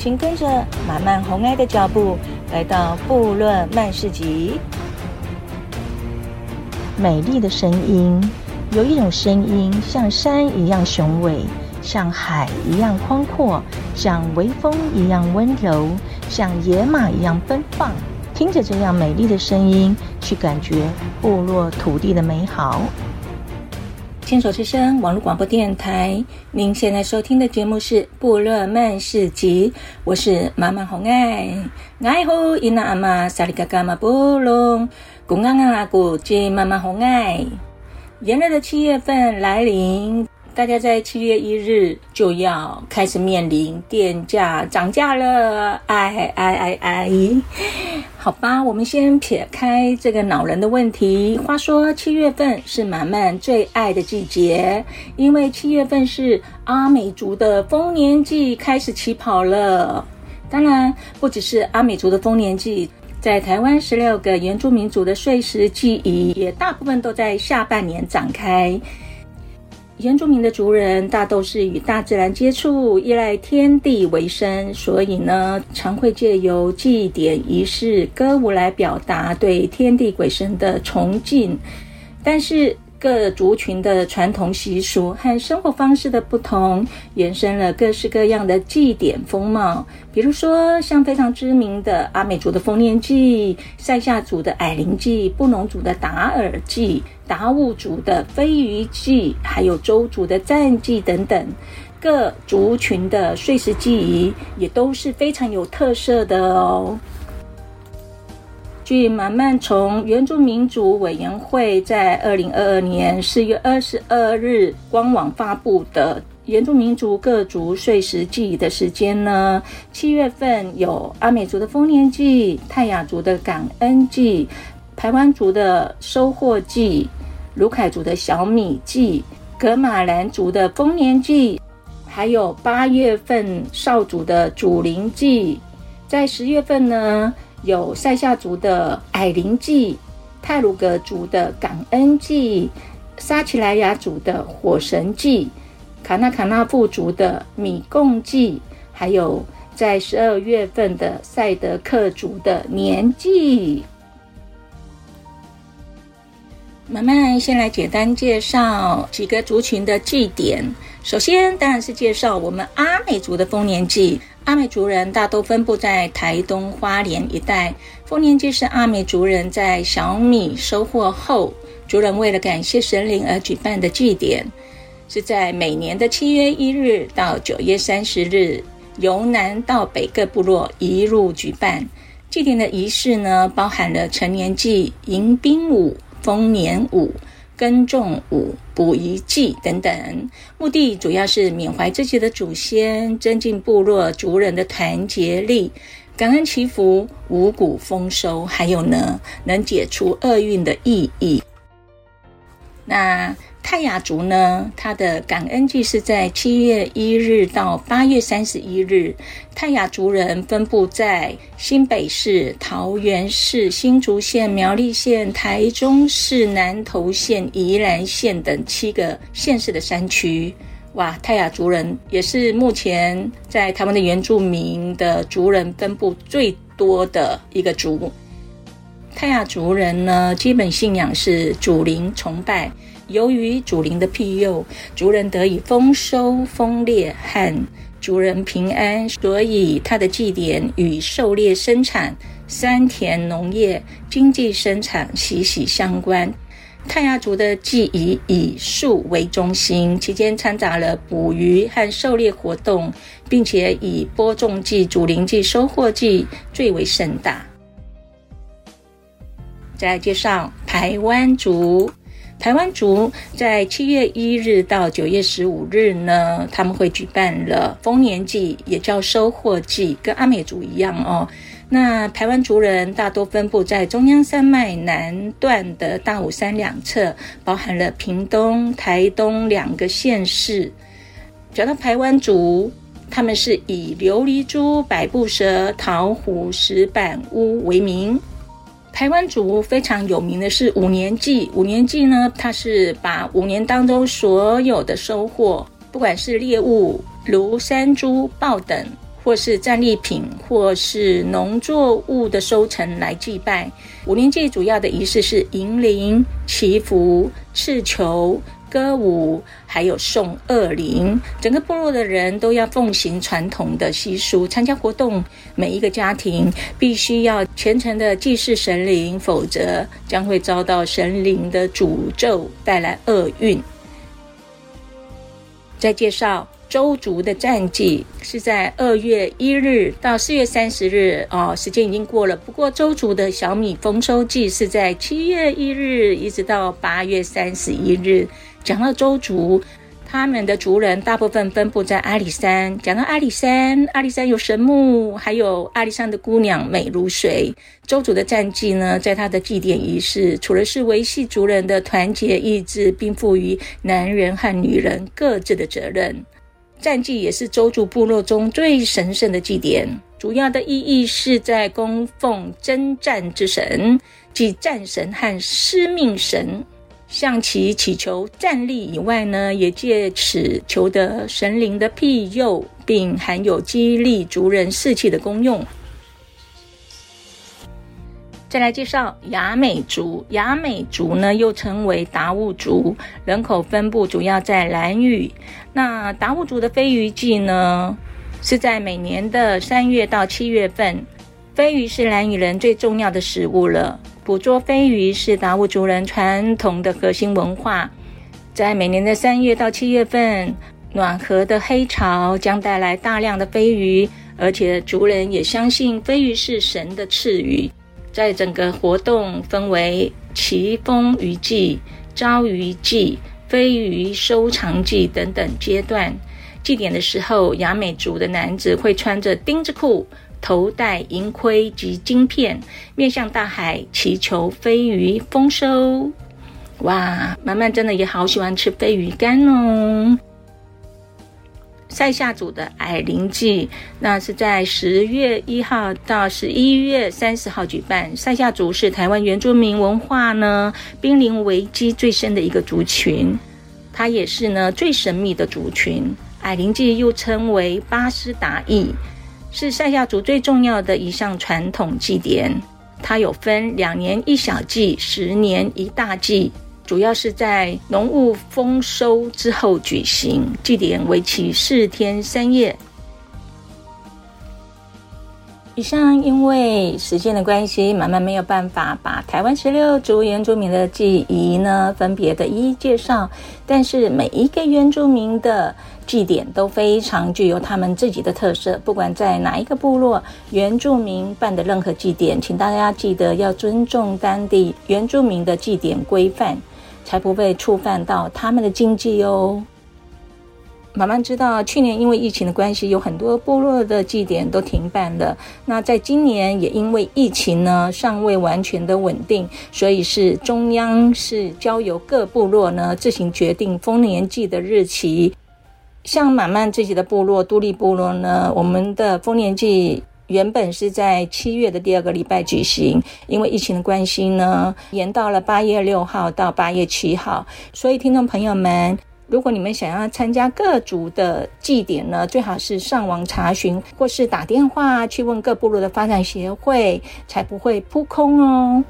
請跟着馬漫紅埃的腳步，來到部落漫市集。美麗的聲音，有一種聲音像山一樣雄偉，像海一樣寬闊，像微風一樣溫柔，像野馬一樣奔放。聽着這樣美麗的聲音，去感覺部落土地的美好。牽手之聲網絡廣播電台，您現在收聽的節目是《部落漫市集》，我是媽媽紅愛。乃呼因那阿媽薩利嘎嘎瑪波隆，古阿阿拉古吉媽媽紅愛，炎熱的七月份來臨。大家在七月一日就要開始面臨電價漲價了，哎哎哎哎，好吧，我們先撇開這個惱人的問題。話說七月份是馬漫最愛的季節，因為七月份是阿美族的豐年祭開始起跑了。當然，不只是阿美族的豐年祭，在台灣十六個原住民族的歲時祭儀也大部分都在下半年展開。原住民的族人大都是與大自然接觸，依賴天地為生，所以呢，常會借由祭典儀式、歌舞來表達對天地鬼神的崇敬。但是，各族群的傳統習俗和生活方式的不同，延伸了各式各樣的祭典風貌。比如說，像非常知名的阿美族的豐年祭、賽夏族的矮靈祭、布農族的打耳祭、達悟族的飛魚祭，還有鄒族的戰祭等等，各族群的歲時祭儀也都是非常有特色的哦。據馬漫從原住民族委員會在二零二二年四月二十二日官網發布的原住民族各族歲時祭的時間呢，七月份有阿美族的豐年祭、泰雅族的感恩祭、排灣族的收穫祭、魯凱族的小米祭、噶瑪蘭族的豐年祭，還有八月份邵族的祖靈祭，在十月份呢。有賽夏族的矮靈祭、太魯閣族的感恩祭、撒奇萊雅族的火神祭、卡那卡那富族的米貢祭，還有在十二月份的賽德克族的年祭。馬漫先來簡單介紹幾個族群的祭典。首先，當然是介紹我們阿美族的豐年祭。阿美族人大都分布在台東花蓮一帶豐年祭是阿美族人在小米收穫後，族人為了感謝神靈而舉辦的祭典，是在每年的七月一日到九月三十日，由南到北各部落一路舉辦。祭典的儀式呢，包含了成年祭、迎賓舞、豐年舞。耕種、五補一祭等等，目的主要是緬懷自己的祖先，增進部落族人的團結力，感恩祈福，五穀豐收，還有呢，能解除厄運的意義。那。泰雅族呢，它的感恩祭是在七月一日到八月三十一日。泰雅族人分布在新北市、桃園市、新竹縣、苗栗縣、台中市、南投縣、宜蘭縣等七個縣市的山區。哇，泰雅族人也是目前在台灣的原住民的族人分布最多的一個族。泰雅族人呢，基本信仰是祖靈崇拜。由於祖靈的庇佑，族人得以豐收、豐獵和族人平安，所以他的祭典與狩獵、生產、山田農業、經濟生產息息相關。泰雅族的祭儀以樹為中心，期間摻雜了捕魚和狩獵活動，並且以播種祭、祖靈祭、收穫祭最為盛大。再介紹排灣族。臺灣族在七月一日到九月十五日呢，他們會舉辦了豐年祭，也叫收穫祭，跟阿美族一樣哦。那排灣族人大多分布在中央山脈南段的大武山兩側，包含了屏東、台東兩個縣市。講到排灣族，他們是以琉璃珠、百步蛇、陶壺、石板屋為名。排灣族非常有名的是五年祭。五年祭呢，它是把五年當中所有的收穫，不管是獵物如山豬、豹等，或是戰利品，或是農作物的收成來祭拜。五年祭主要的儀式是迎靈、祈福、刺球。歌舞，還有送惡靈，整個部落的人都要奉行傳統的習俗，參加活動。每一個家庭必須要虔誠的祭祀神靈，否則將會遭到神靈的詛咒，帶來厄運。再介紹。周鄒族的戰祭是在二月一日到四月三十日，哦，時間已經過了。不過，鄒族的小米豐收祭是在七月一日一直到八月三十一日。講到鄒族，他們的族人大部分分布在阿里山。講到阿里山，阿里山有神木，還有阿里山的姑娘美如水。鄒族的戰祭呢，在他的祭典儀式，除了是維繫族人的團結意志，並賦予男人和女人各自的責任。戰祭也是鄒族部落中最神聖的祭典，主要的意義是在供奉征戰之神，即戰神和司命神，向其祈求戰力以外呢，也借此求得神靈的庇佑，並含有激勵族人士氣的功用。再來介紹雅美族，雅美族呢又稱為達悟族，人口分布主要在蘭嶼。那達悟族的飛魚季呢，是在每年的三月到七月份。飛魚是蘭嶼人最重要的食物了，捕捉飛魚是達悟族人傳統的核心文化。在每年的三月到七月份，暖和的黑潮將帶來大量的飛魚，而且族人也相信飛魚是神的賜予。在整個活動分為奇風魚季、招魚季。飛魚收藏祭等等階段，祭典的時候，雅美族的男子會穿着丁字褲，頭戴銀盔及金片，面向大海祈求飛魚豐收。哇，馬漫真的也好喜歡吃飛魚乾哦。賽夏族的矮靈祭，那是在十月一號到十一月三十號舉辦。賽夏族是台灣原住民文化呢瀕臨危機最深的一個族群，它也是呢最神秘的族群。矮靈祭又稱為巴斯達隘，是賽夏族最重要的一項傳統祭典。它有分兩年一小祭，十年一大祭。主要是在農務豐收之後舉行，祭典為期四天三夜。以上因為時間的關係，馬漫沒有辦法把台灣十六族原住民的祭儀呢分別的一一介紹。但是每一個原住民的祭典都非常具有他們自己的特色，不管在哪一個部落原住民辦的任何祭典，請大家記得要尊重當地原住民的祭典規範。才不被觸犯到他們的禁忌哦。馬漫知道，去年因為疫情的關係，有很多部落的祭典都停辦了。那在今年也因為疫情呢，尚未完全的穩定，所以是中央是交由各部落呢自行決定豐年祭的日期。像馬漫自己的部落都立部落呢，我們的豐年祭。原本是在七月的第二個禮拜舉行，因為疫情的關係呢，延到了八月六號到八月七號。所以，聽眾朋友們，如果你們想要參加各族的祭典呢，最好是上網查詢或是打電話去問各部落的發展協會，才不會撲空哦。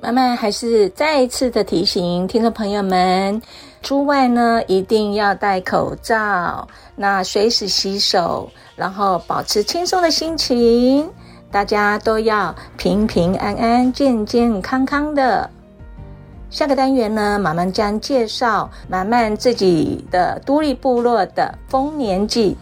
馬漫還是再一次的提醒聽眾朋友們。出外呢，一定要戴口罩，那隨時洗手，然後保持輕鬆的心情，大家都要平平安安、健健康康的。下個單元呢，馬漫將介紹馬漫自己的都歷部落的豐年祭。